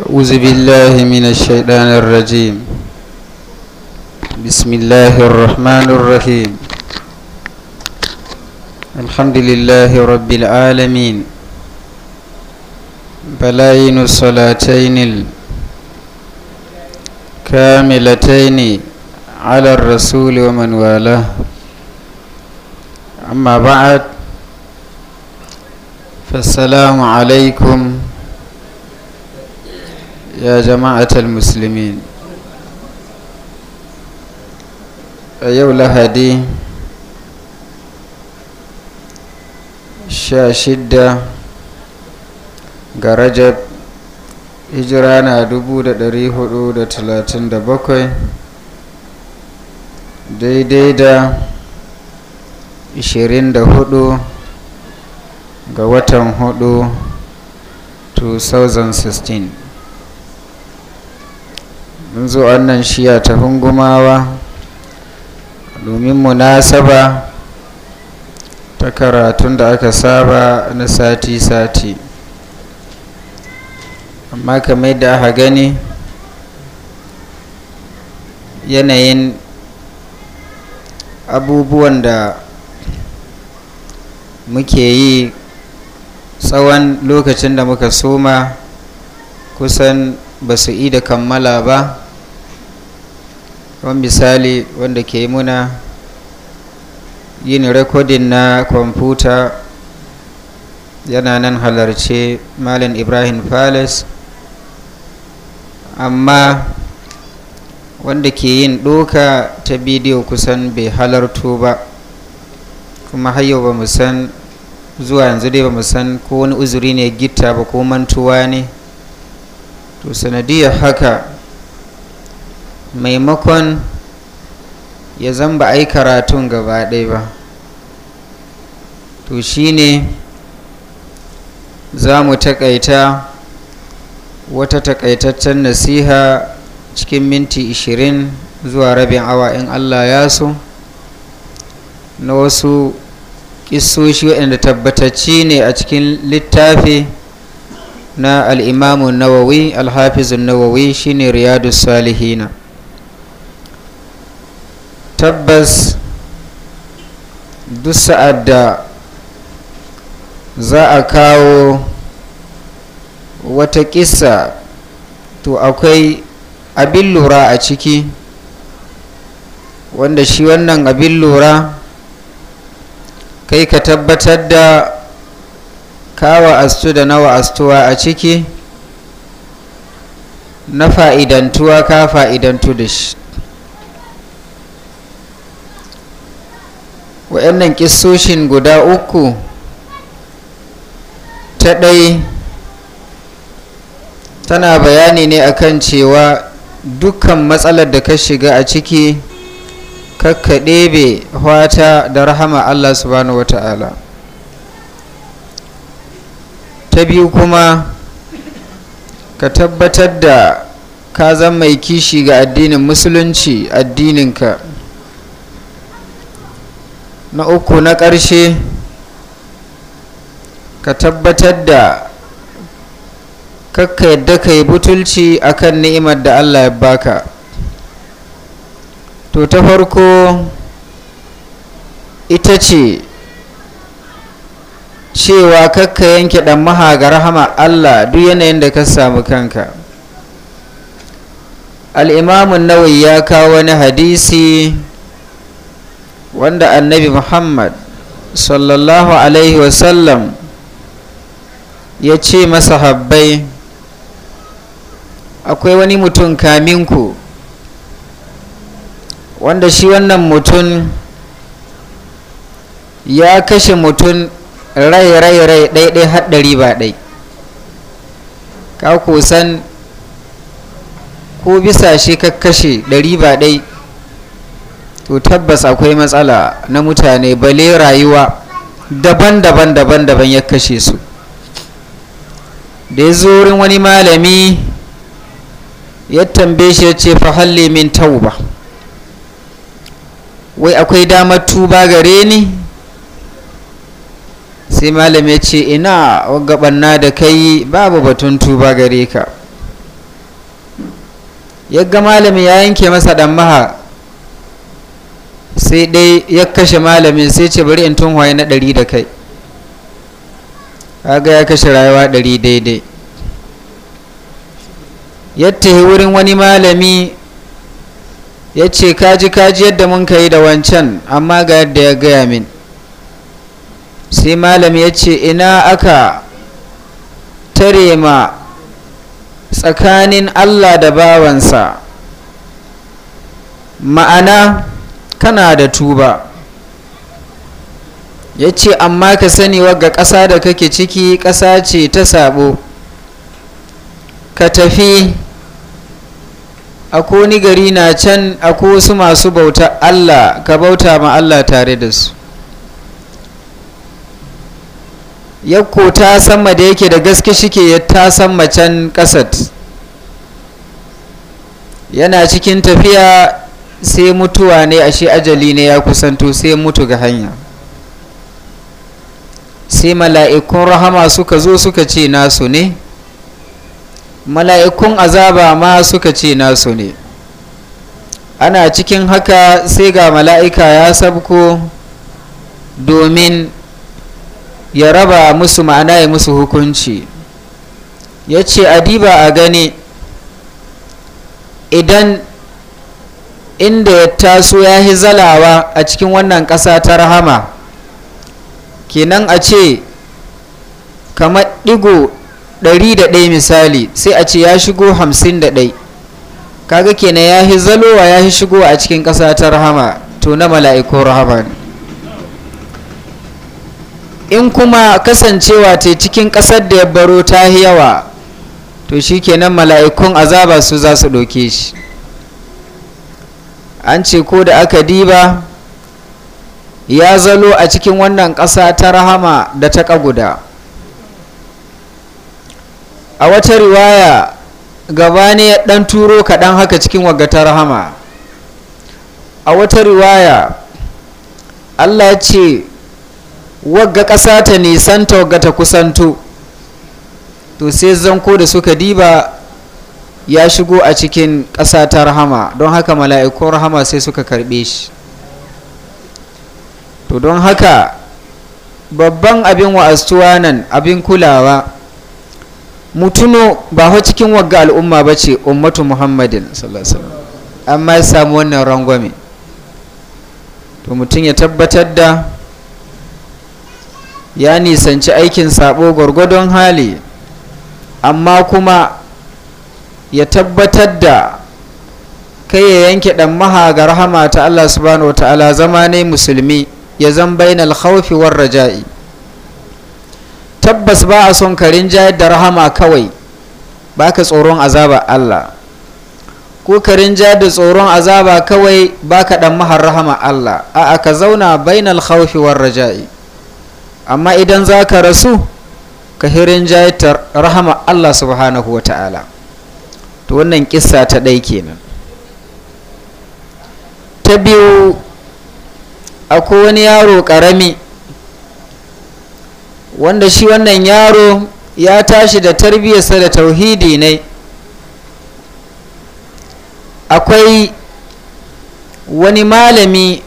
أعوذ بالله من الشيطان الرجيم بسم الله الرحمن الرحيم الحمد لله رب العالمين بلاين الصلاتين الكاملتين على الرسول ومن والاه أما بعد فالسلام عليكم Ya يا جماعة المسلمين أيو لهدي sha shidda ga rajab hijira na dubu da dari hudu da talatin da bakwai daidai da ishirin da hudu ga watan hudu 2016 mun zo wannan shiya ta hungumawa domin munasaba ta karatun da aka saba na sati-sati amma kamar da aka gani yanayin abubuwan da muke yi tsawon lokacin da muka soma kusan ba su da kammala ba wani misali wanda ke muna yin rekodin na kwamfuta yana nan halarce malam ibrahim palace amma wanda ke yin doka ta bidiyo kusan bai halartu ba kuma hayo ba mu san zuwa yanzu dai ba mu san ko wani uzuri ne gita ba ko mantuwa ne to sanadiyar haka maimakon ya zan ba a yi karatun gaba ɗaya ba to shine za mu taƙaita wata taƙaitaccen nasiha cikin minti 20 zuwa rabin awa in allah ya so na wasu ƙisoshi waɗanda tabbatacci ne a cikin littafi na al'imamun nawawi alhafizun nawawi shine riyadu salihina tabbas duk sa'ad da za a kawo wata kisa to akwai abin lura a ciki wanda shi wannan abin lura kai ka tabbatar da kawa astu da nawa astuwa a ciki na fa'idantuwa ka fa'idantu da shi waɗannan kissoshin guda uku ta ɗai tana bayani ne akan cewa dukkan matsalar da ka shiga a ciki kakka ɗebe hwata da rahama allah subhanahu ta'ala ta biyu kuma ka tabbatar da ka zama mai kishi ga addinin musulunci addininka na uku na ƙarshe ka tabbatar da kakka yadda ka yi butulci akan ni'imar da Allah ya baka to ta farko ita ce cewa kakka yanke ɗan maha ga rahama Allah duk yanayin da ka samu kanka al'imamun nawai ya kawo wani hadisi wanda annabi muhammad sallallahu alaihi wasallam ya ce masa habbai akwai wani mutum kaminku wanda shi wannan mutum ya kashe mutum rai rai rai ɗaiɗai haɗari ba ɗai ka kusan ko bisa shi ka kashe ɗari ba ɗai to tabbas akwai matsala na mutane bale rayuwa daban-daban daban-daban ya kashe su da ya zo wurin wani malami ya tambaye shi ya ce fahalle min tauba wai akwai damar tuba gare ni sai malam ya ce ina gabanna da kai babu batun tuba gare ka yagga malami ya yanke masa dan maha sai dai ya kashe malamin sai ce bari in tun na ɗari da kai kaga ya kashe rayuwa ɗari daidai ya tahi wurin wani malami ya ce kaji kaji yadda mun ka da wancan amma ga yadda ya gaya min sai malami ya ce ina aka tare ma tsakanin allah da bawansa ma'ana kana da tuba ya ce amma ka sani wagga ƙasa da kake ciki ƙasa ce ta sabo ka tafi a ni gari na can ko su masu bauta Allah ka bauta ma Allah tare da su yakko ta sama da yake da gaske shike ya ta sama can ƙasat yana cikin tafiya sai mutuwa ne a shi ajali ne ya kusanto sai mutu ga hanya sai mala'ikun rahama suka zo suka ce nasu ne mala'ikun azaba ma suka ce nasu ne ana cikin haka sai ga mala'ika ya sabko domin ya raba musu ma'ana ya musu hukunci ya ce adiba a gani idan inda ya taso ya yi zalawa a cikin wannan ƙasa ta rahama kenan a ce kamar ɗigo ɗari da ɗaya misali sai a ce ya shigo hamsin da ɗai kaga kenan ya yi zalowa ya yi shigo a cikin ƙasa ta rahama to na mala'iku rahama ne in kuma kasancewa ta cikin ƙasar da ya baro ta yawa to shi kenan mala'ikun azaba su za su ɗauke shi an ce ko da aka diba ya zalo a cikin wannan ƙasa ta rahama da ta ƙaguda a wata riwaya gaba ne ya ɗan turo kaɗan haka cikin wagga ta rahama a wata riwaya allah ce wagga ƙasa ta nisanta wagga ta kusanto to sai zanko da suka diba ya shigo a cikin ƙasa ta rahama don haka mala'ikun rahama sai suka karɓe shi to don haka babban abin wa'astuwa nan abin kulawa mutuno ba cikin wagga al'umma ba ce ummatu muhammadin amma ya samu wannan rangwame to mutum ya tabbatar da ya nisanci aikin sabo gwargwadon hali amma kuma ya tabbatar da kai ya yanke dan maha ga rahama ta Allah subhanahu wa ta'ala zama ne musulmi ya zan bainal khawfi war raja'i tabbas ba a son karin jayar da rahama kawai ba ka tsoron azaba Allah ko karin jayar da tsoron azaba kawai ba ka dan mahar rahama Allah a ka zauna bainal khawfi war raja'i amma idan za ka rasu ka hirin jayar rahama Allah subhanahu wa ta'ala to wannan kissa ta ɗai kenan ta biyu akwai wani yaro ƙarami wanda shi wannan yaro ya tashi da tarbiyyarsa da tauhidi ne akwai wani malami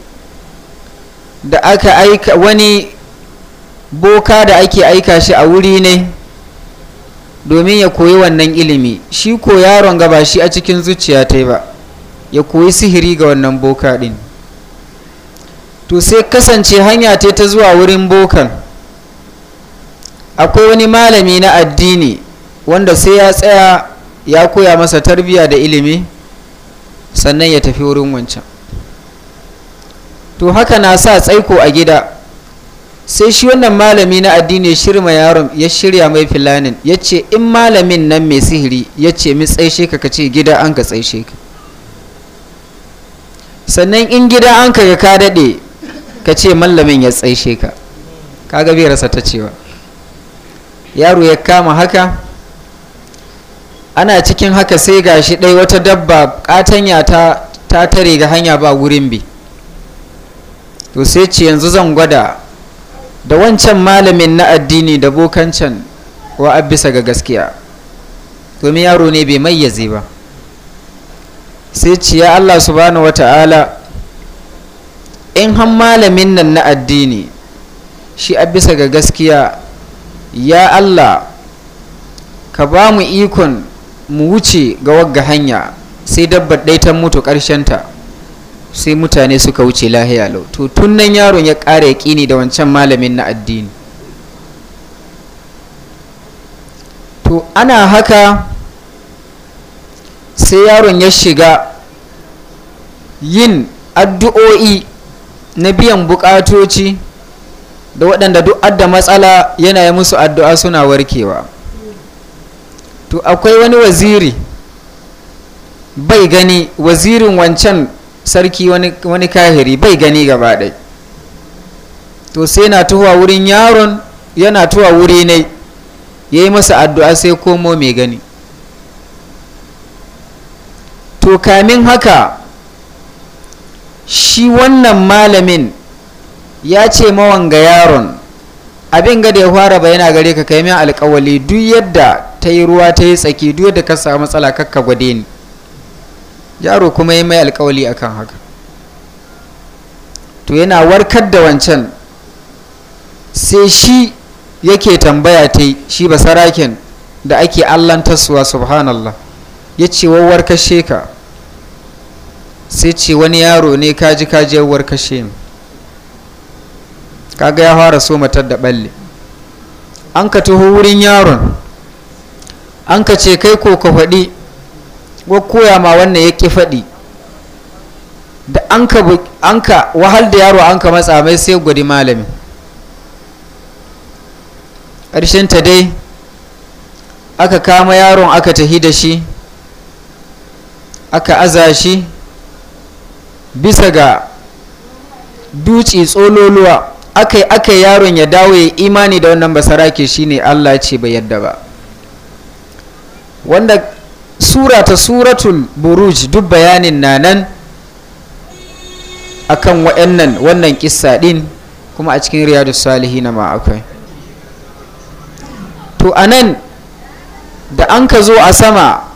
da aka aika wani boka da ake aika shi a wuri ne domin ya koyi wannan ilimi shi ko yaron ga shi a cikin zuciya ta ba ya koyi sihiri ga wannan boka din. to sai kasance hanya ta ta zuwa wurin bokan akwai wani malami na addini wanda sai ya tsaya ya koya masa tarbiya da ilimi sannan ya tafi wurin wancan to haka na sa tsaiko a gida sai shi wannan malami na addini ya shirma yaron ya shirya mai filanin ya ce in malamin nan mai sihiri ya ce mi tsaishe ka ka ce gida an ka tsaishe ka sannan in gida an ka ka daɗe ka ce mallamin ya tsaishe ka kaga bai rasa ta cewa yaro ya kama haka ana cikin haka sai gashi ɗai wata dabba ƙatanya ta ta tare ga hanya ba wurin bi to sai ce yanzu zan gwada da wancan malamin na addini da bokancan wa abisa ga gaskiya domin yaro ne bai mayyaze ba sai ciya Allah subhanahu wata'ala in han malamin nan na addini shi a bisa ga gaskiya ya Allah ka ba mu ikon mu wuce ga wagga hanya sai dabbar ɗaitan mutu ta. sai mutane suka wuce lahiya lau to tun nan yaron ya ƙara ƙini da wancan malamin na addini to ana haka sai yaron ya shiga yin addu'o'i na biyan buƙatoci da waɗanda duk adda matsala yana yi musu addu'a suna warkewa to akwai wani waziri bai gani wazirin wancan sarki wani kahiri bai gani gaba ɗai to sai na tuwa wurin yaron yana tuwa wuri ne ya yi masa addu'a sai komo mai gani to kamin haka shi wannan malamin ya ce mawanga yaron abin gada da ya fara bayana gare ka kai min alkawali duk yadda ta yi ruwa ta yi tsaki duk yadda ka samu matsala kakka gwade ni yaro kuma ya mai alkawali akan haka to yana warkar da wancan sai shi yake tambaya ta shi basaraken da ake allantarsuwa subhanallah ya ce wawar kashe ka sai ce wani yaro ne kaji kaji yawar kashe ni kaga ya fara so matar da balle an ka taho wurin yaron an ka ce kai ko ka faɗi ko koya ma wannan ya ƙi faɗi da an ka wahal da yaro an ka matsa mai sai gwadi malami ta dai aka kama yaron aka tahi da shi aka aza shi bisa ga dutse tsololuwa aka aka yaron ya dawo ya imani da wannan basarake shine Allah ce bai yadda ba wanda sura ta suratul buruj duk bayanin na nan a kan wa'annan wannan kissa din kuma a cikin riyadu na ma akwai to a nan da an ka zo a sama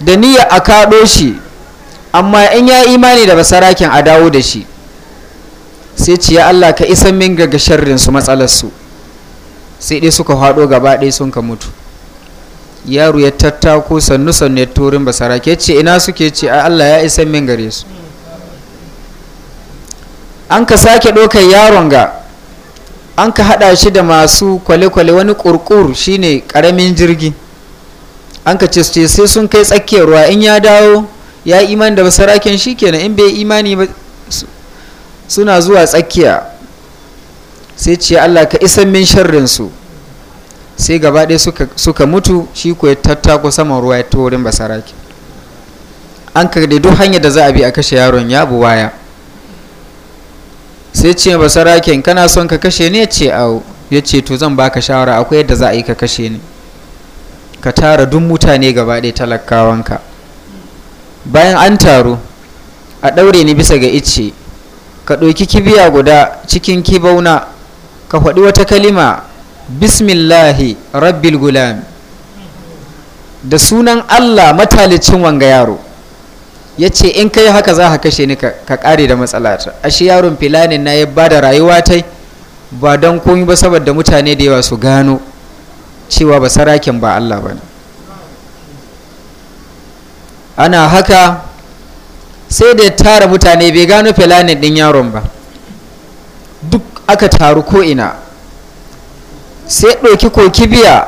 da niyya a kaɗo shi amma in ya imani da basarakin a dawo da shi sai ce ya Allah ka isan min ga sharrin su matsalarsu sai dai suka haɗo gaba ɗaya sun ka mutu yaro ya tattako sannu sannu ya turin basara ke ce ina suke ce a Allah ya isa min gare su an ka sake ɗaukar yaron ga an ka haɗa shi da masu kwale-kwale wani ƙurƙur shine ƙaramin jirgi an ka ce sai sun kai tsakiyar ruwa in ya dawo ya imani da basaraken shi kenan in bai imani ba suna zuwa tsakiya sai ce Allah ka isa min sharrinsu sai gaba ɗaya suka, suka mutu shi ko ya tattako saman ruwa ya to basaraki basarake an karɗe duk hanyar da za a bi a kashe yaron ya bu waya sai ce basaraken kana son ka kashe ne ce au ya ce to zan baka shawara akwai yadda za a yi ka kashe ne. ka tara duk mutane gaba ɗaya talakawanka bayan an taru a ɗaure ni bisa ga icce ka ɗauki kibiya guda cikin kibauna ka faɗi wata kalima bismillahi rabbil gulam da sunan allah matalicin wanga yaro ya ce in kai haka za ka kashe ni ka kare da matsalata ashe yaron filanin na ya ba da rayuwa ta ba don komi ba saboda mutane da yawa su gano cewa ba sarakin ba allah ba ana haka sai da ya tara mutane bai gano filanin din yaron ba duk aka taru ko ina sai ɗauki koki biya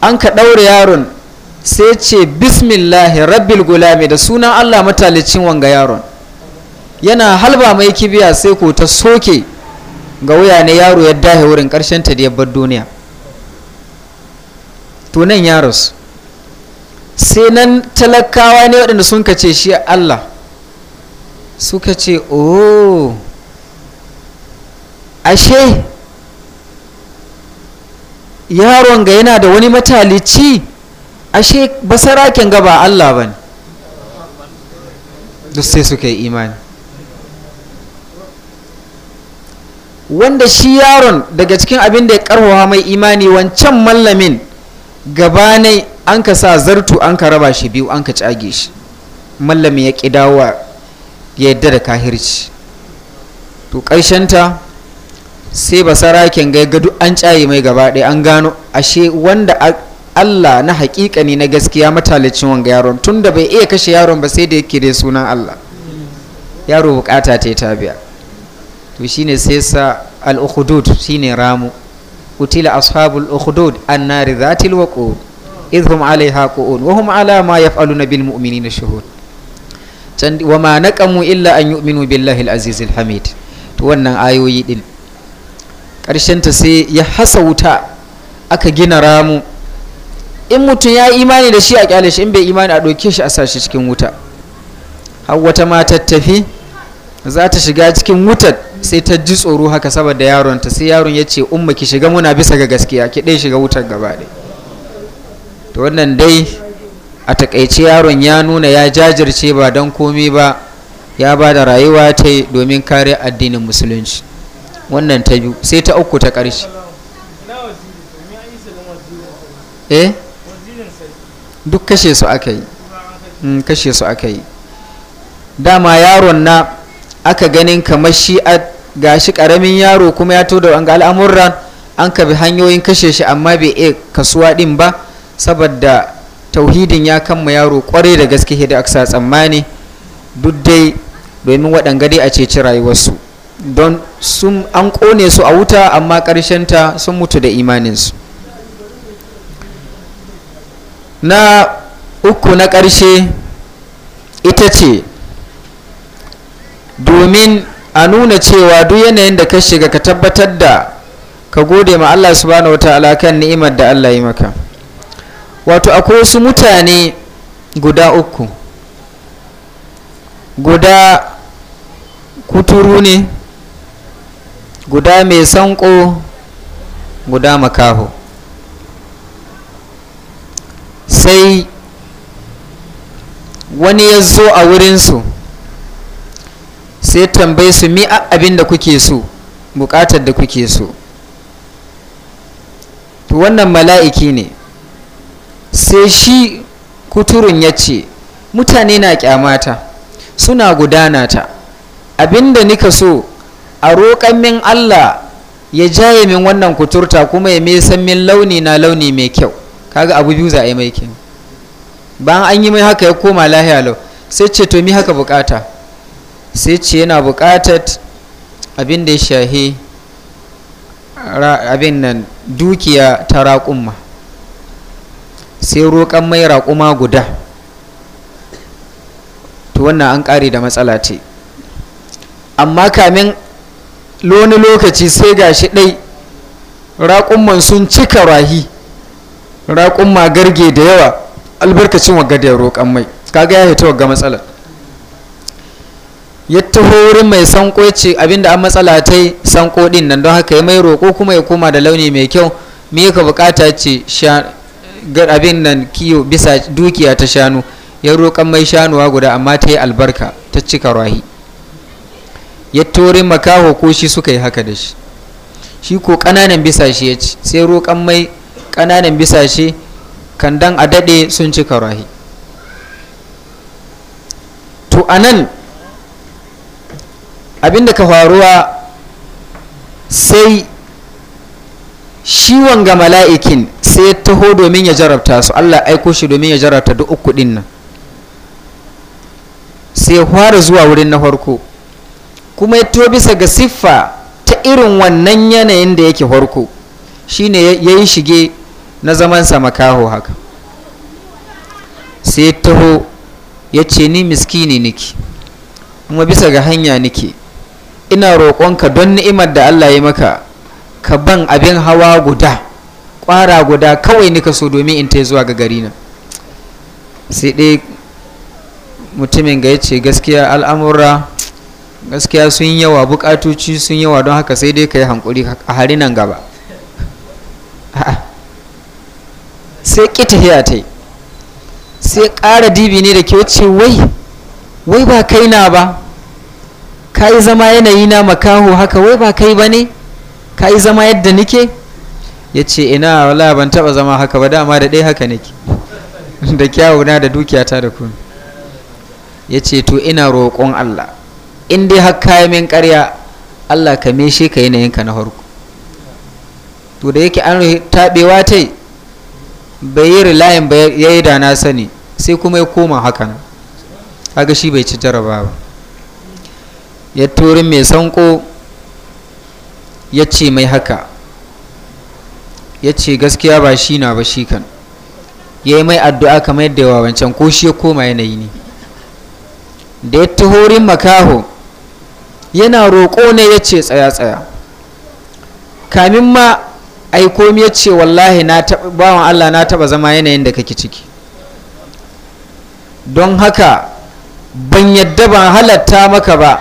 an ka ɗaure yaron sai ce bismillahi rabbil gulami da sunan allah matalicin wanga yaron yana halba mai kibiya sai ko ta soke ga wuya ne yaro ya dahe wurin ƙarshen ta da duniya to yaros sai nan talakawa ne waɗanda sun kace shi allah suka ce oh ashe yaron ga yana da wani matalici ashe basaraken ga ba Allah ba ne duk sai suka yi imani wanda shi yaron daga cikin abin da ya karfafa mai imani wancan mallamin gabanai an ka sa zartu an ka raba shi biyu an ka cage shi mallamin ya ƙi dawowa ya yadda da kahirci to ta. sai basaraken ga duk an caye mai gaba ɗaya an gano ashe wanda Allah na hakika ne na gaskiya matalicin wanga yaron tun da bai iya kashe yaron ba sai da yake da sunan Allah yaro bukata ta ta biya to shine sai sa al ukhudud shine ramu utila ashabul ukhudud annari zatil waqud idhum alaiha qu'un wa hum ala ma yaf'aluna bil mu'minina shuhud wa ma naqamu illa an yu'minu billahi al-aziz al-hamid to wannan ayoyi din ta sai ya hasa wuta aka gina ramu in mutum ya yi imani da shi a kyale shi in bai imani a ɗauke shi a sashi cikin wuta har wata ma tafi za ta shiga cikin wutar sai ta ji tsoro haka saboda yaron ta sai yaron ya ce umma ki shiga muna bisa ga gaskiya ki ɗaya shiga wutar gaba to wannan dai a takaice yaron ya nuna ya jajirce ba don komai ba ya ba da rayuwa ta domin kare addinin musulunci wannan ta biyu sai ta uku ta ƙarshe eh duk kashe su aka yi mm, kashe su aka yi dama yaron na aka ganin kamar shi a gashi ƙaramin yaro kuma ya to da wanga al'amuran an ka hanyoyin kashe shi amma bai iya kasuwa din ba saboda tauhidin ya kama yaro kwarai da gaske da aka tsammani duk dai domin waɗanga dai a ceci rayuwarsu don sun an kone su a wuta amma ta sun mutu da imaninsu na uku na ƙarshe ita ce domin a nuna cewa duk yanayin da ka shiga ka tabbatar da ka gode ma Allah subhanahu wa ta'ala kan ni'imar da Allah yi maka wato akwai wasu mutane guda uku guda kuturu ne guda mai sanko guda makaho sai wani ya zo a wurinsu sai tambaye su mi abin da kuke so bukatar da kuke so to wannan mala'iki ne sai shi kuturun ya ce mutane na kyamata suna gudana ta abin da nika so a roƙon min Allah ya jaye min wannan kuturta kuma ya san min launi na launi mai kyau kaga abu biyu za a yi mai kin bayan an yi mai haka ya koma lahiya lau sai ce to mi haka bukata sai ce yana bukatar abin da ya shahi abin nan dukiya ta raƙumma sai roƙon mai raƙuma guda to wannan an ƙare da matsala ce amma kamin loni lokaci sai gashi ɗai raƙumman sun cika rahi raƙumma garge da yawa albarkacin wagga da roƙan mai kaga ya hito wagga matsalar ya taho wurin mai sanko ya ce abinda an matsala ta yi sanko ɗin nan don haka ya mai roƙo kuma ya koma da launi mai kyau me ka bukata ce abin nan kiyo bisa dukiya ta shanu ya roƙan mai shanuwa guda amma ta yi albarka ta cika rahi ya tore makaho ko shi suka yi haka da shi shi ko ƙananan bisashe ya ci sai roƙon mai ƙananan bisashe kandan a daɗe sun ci karahi to a nan abinda ka faruwa sai shiwon ga mala'ikin sai ya taho domin ya jarabta su Allah aiko shi domin ya jarabta duk uku nan sai ya fara zuwa wurin na farko kuma ya bisa ga siffa ta irin wannan yanayin da yake farko shine ya yi shige na zaman makaho haka sai taho ya ce ni miskini niki kuma bisa ga hanya niki ina roƙonka don ni'imar da Allah ya maka ka ban abin hawa guda ƙwara guda kawai nika so domin in ta zuwa ga gari na sai dai mutumin ga ya ce gaskiya al'amura gaskiya sun yawa bukatoci sun yawa don haka sai dai ka yi hankuri a hari nan gaba sai ƙitahiya ta yi sai ƙara dibi ne da ke wace wai wai ba kai na ba ka yi zama yanayi na makaho haka wai ba kai ba ne ka yi zama yadda nike ya ce ina wala ban taba zama haka ba dama da ɗaya haka nake da kyawuna da dukiyata da kuma ya ce to ina roƙon allah in dai har ya min ƙarya Allah ka meshe ka yi na farko to da yake an taɓewa ta bai yi rilayin ba ya yi da na sani sai kuma ya koma haka nan shi bai ci jaraba ba ya turi mai sanko ya ce mai haka ya ce gaskiya ba shi na ba shi kan ya yi mai addu'a kamar yadda yawa wancan ko shi ya koma yanayi ne da ya tahorin makaho yana roƙo ne ya ce tsaya tsaya kamin ma aiko komi ya ce wallahi na bawan Allah na taɓa zama yanayin da kake ciki don haka ban yadda ban halatta maka ba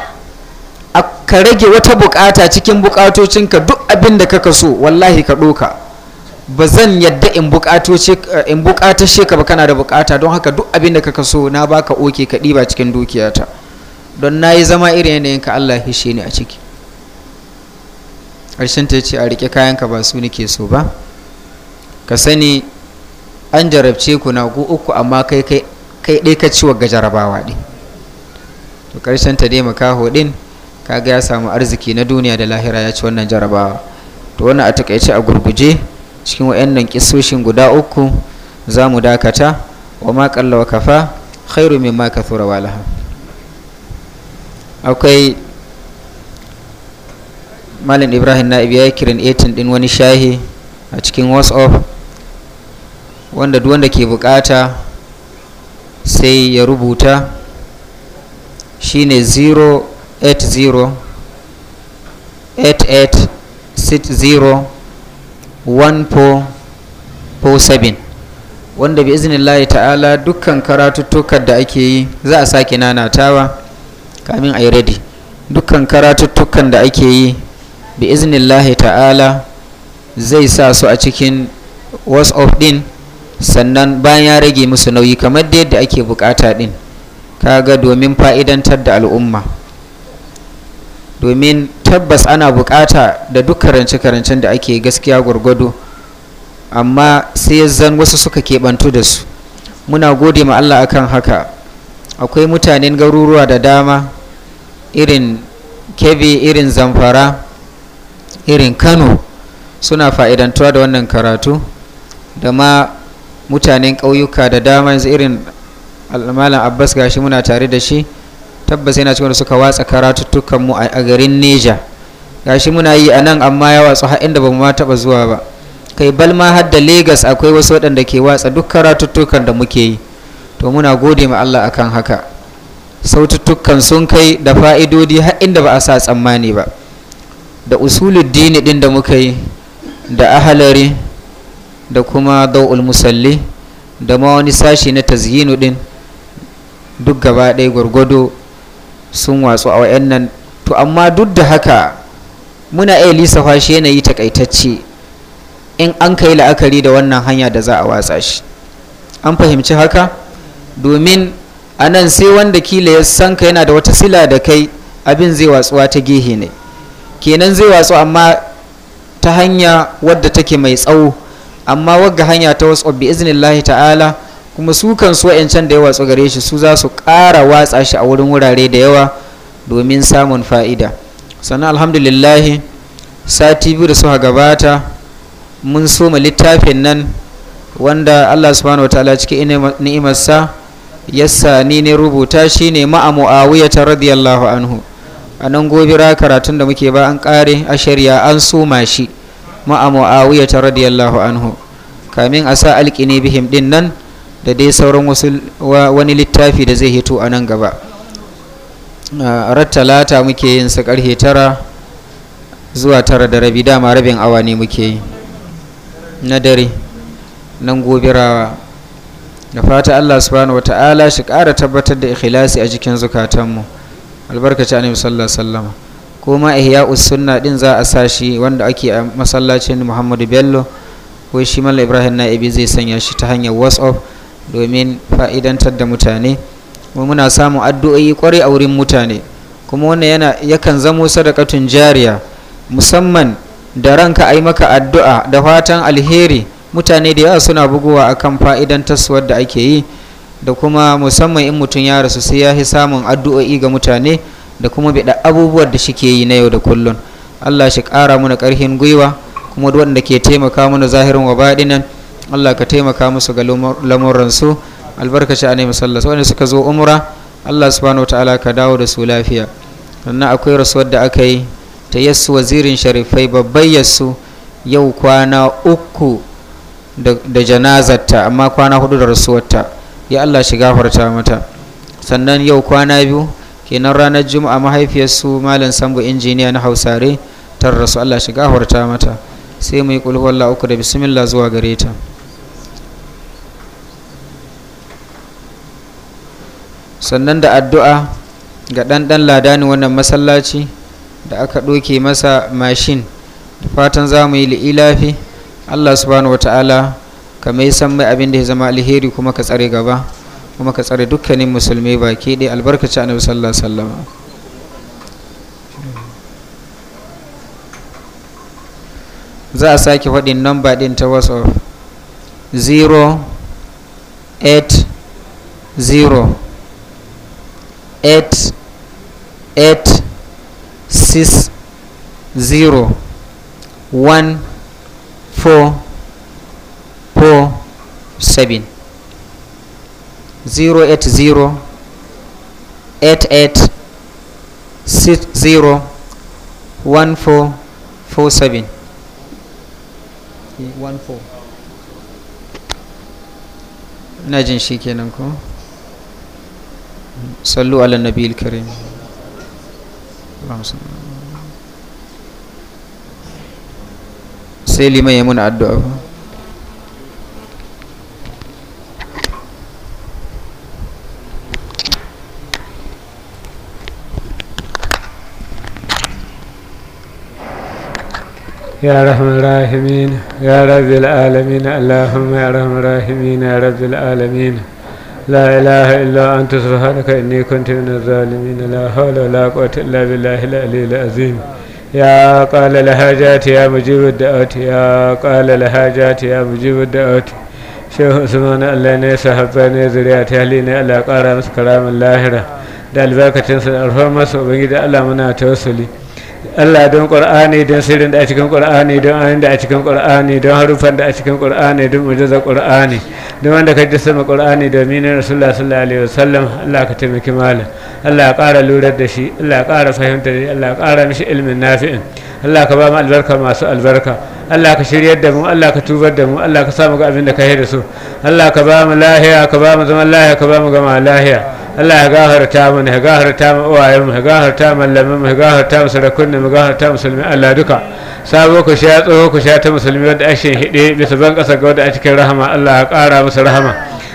ka rage wata bukata cikin bukatocinka duk abin da kaka so wallahi ka ɗoka ba zan yadda in bukatar ka ba kana da bukata don haka duk abin da kaka so na baka oke ka ɗiba cikin dukiyata don na yi zama irin yanayin ka Allah ya hishe ni a ciki ƙarshen ta ce a riƙe kayanka ba su nake so ba ka sani an jarabce ku na ku uku amma kai kai ɗai ka ciwo ga jarabawa ɗin to ƙarshen ta dai makaho ɗin kaga ya samu arziki na duniya da lahira ya ci wannan jarabawa to wannan a takaice a gurguje cikin wayannan kisoshin guda uku za mu dakata wa ma kalla wa kafa khairu mimma kathura walaha akwai malin ibrahim na ya kirin 18 din wani shahi a cikin whatsapp wanda duk wanda ke bukata sai ya rubuta shine 080 8860 wanda bi iznillahi ta'ala dukkan karatuttukan da ake yi za a sake nanatawa kamin a yi ready dukkan karatuttukan da ake yi bi iznillahi ta'ala zai sa su a cikin of din sannan bayan ya rage musu nauyi kamar da yadda ake bukata din kaga domin fa'idantar da al'umma domin tabbas ana bukata da duk karance-karancen da ake gaskiya gwargwado amma sai zan wasu suka keɓantu da su muna gode ma Allah akan haka akwai mutanen garuruwa da dama irin kebe irin zamfara irin kano suna fa'idantuwa da wannan karatu da ma mutanen ƙauyuka da dama yanzu irin malam abbas gashi muna tare da shi tabbas yana cikin da suka watsa karatuttukan mu a garin neja gashi muna yi a nan amma ya watsu har inda ba mu ma taɓa zuwa ba kai balma ma har da lagos akwai wasu waɗanda ke watsa duk karatuttukan da muke yi to muna gode ma Allah akan haka saututtukan sun kai da fa'idodi har inda ba a sa tsammani ba da usulul dini din da muka yi da ahalari da kuma dau'ul musalli da ma wani sashi na tazyinu din duk gaba ɗaya gwargwado sun watsu a wayannan to amma duk da haka muna iya lissafa shi yanayi takaitacce in an kai la'akari da wannan hanya da za a watsa shi an fahimci haka domin a nan sai wanda kila ya san ka yana da wata sila da kai abin zai watsuwa ta gehe ne kenan zai watsu amma ta hanya wadda take mai tsawo amma wagga hanya ta wasu bi iznillahi ta'ala kuma su kan so da ya watsu gare shi su za su ƙara watsa shi a wurin wurare da yawa domin samun fa'ida sannan alhamdulillahi sati biyu da suka gabata mun soma littafin nan wanda allah subhanahu wa ta'ala cikin ni'imarsa ni ne rubuta shi ne ma'a ta radiyallahu anhu a nan gobira karatun da muke ba an kare a shari'a an suma shi ma'a ta radiyallahu anhu kamin a sa alkini bihim din nan da dai sauran wasu wani littafi da zai hito a nan gaba rattalata muke yin sa karhe tara zuwa tara da rabi dama rabin awa ne muke yi na dare nan gobirawa da fata Allah subhanahu wata'ala shi ƙara tabbatar da ikhlasi a jikin zukatanmu albarkaci anabi sallallahu alaihi wasallam kuma sunna din za a sa shi wanda ake a masallacin Muhammadu Bello ko shi Malam Ibrahim Na'ibi zai sanya shi ta hanyar WhatsApp domin fa'idantar da mutane kuma muna samun addu'o'i kwarai a wurin mutane kuma wannan yana yakan zamo sadakatun jariya musamman da ranka ai maka addu'a da fatan alheri mutane da yawa suna bugowa akan fa'idan taswar da ake yi da kuma musamman in mutum ya rasu sai ya fi samun addu'o'i ga mutane da kuma bida abubuwan da shike yi na yau da kullun Allah shi ƙara mana ƙarfin gwiwa kuma wanda ke taimaka mana zahirin wa baɗinan Allah ka taimaka musu ga lamuransu albarkaci a ne musallas wanda suka zo umra Allah subhanahu wa ta'ala ka dawo da su lafiya sannan akwai rasuwar da aka yi ta yassu wazirin sharifai babbai yassu yau kwana uku da janazarta amma kwana hudu da rasuwarta ya Allah shi gafarta mata sannan yau kwana biyu kenan ranar juma'a mahaifiyarsu malam sambo injiniya na hausare ta rasu Allah shi gafarta mata sai mu yi kulhuwallah uku da bismillah zuwa gare ta sannan da addu'a ga ɗanɗan ladani wannan masallaci da aka ɗoke masa mashin da fatan za mu yi li'ilafi Allah subhanahu wata'ala ka mai san mai abin da ya zama alheri kuma ka tsare gaba kuma ka tsare dukkanin musulmi baki ɗaya albarkaci annabi sallallahu alaihi wasallam za a sake faɗin namba ɗin ta whatsapp 080 8 8 6 0 1 four four seven zero eight zero eight eight six zero one four four seven eh, one four ina jin shi kenan ko sallu ala karim sai liman ya muna addu'a يا رحم الراحمين يا رب العالمين اللهم يا رحم الراحمين يا رب العالمين لا إله إلا أنت سبحانك إني كنت من الظالمين لا حول ولا قوة إلا بالله العلي العظيم ya قال الحاجات يا مجيب الدعوات يا قال الحاجات يا مجيب الدعوات shehu usman allah ne sahabba ne zuriya ta hali ne allah kara musu karamin lahira da albarkacinsa da alfarmarsa ubangiji allah muna tausali Allah don ƙur'ani don sirrin da a cikin ƙur'ani don ayin da a cikin ƙur'ani don harufan da a cikin ƙur'ani don mujizar ƙur'ani don wanda ka ji sama ƙur'ani domin rasulullah sallallahu alaihi wasallam Allah ka taimaki malam Allah ya ƙara lurar da shi Allah ya ƙara fahimta da shi Allah ya ƙara mishi ilmin nafi'in Allah ka ba mu albarka masu albarka Allah ka shiryar da mu Allah ka tubar da mu Allah ka sa mu ga abin da ka yi da su Allah ka ba mu lahiya ka ba mu zaman lahiya ka ba mu gama lahiya Allah ya gafarta mana ya gafarta mu uwayenmu ya gafarta mallamanmu ya gafarta mu mu gafarta musulmi Allah duka sabo ku sha tsoho ku sha ta musulmi wanda ake hide bisa ban kasa ga wanda a cikin rahama Allah ya kara musu rahama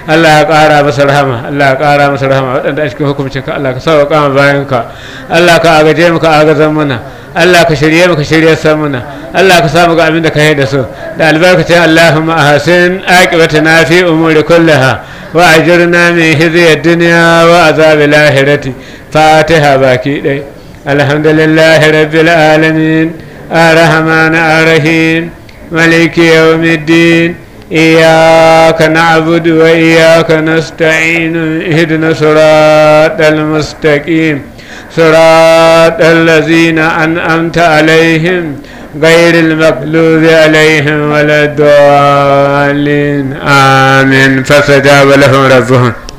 Allah ya kara musu rahama Allah ya kara masa rahama waɗanda a cikin hukuncin ka Allah ka sauka kama bayan ka Allah ka agaje mu ka agazan mana Allah ka shirye mu ka shirye san mana Allah ka samu ga abin da ka yi da su da albarkacin Allahumma ahsin aqibatana fi umuri kullaha واجرنا من هذه الدنيا وعذاب الآخرة فاتها باكي لي الحمد لله رب العالمين الرحمن الرحيم ملك يوم الدين إياك نعبد وإياك نستعين اهدنا صراط المستقيم صراط الذين أنعمت عليهم غير المغلوب عليهم ولا الضالين آمين فاستجاب لهم ربهم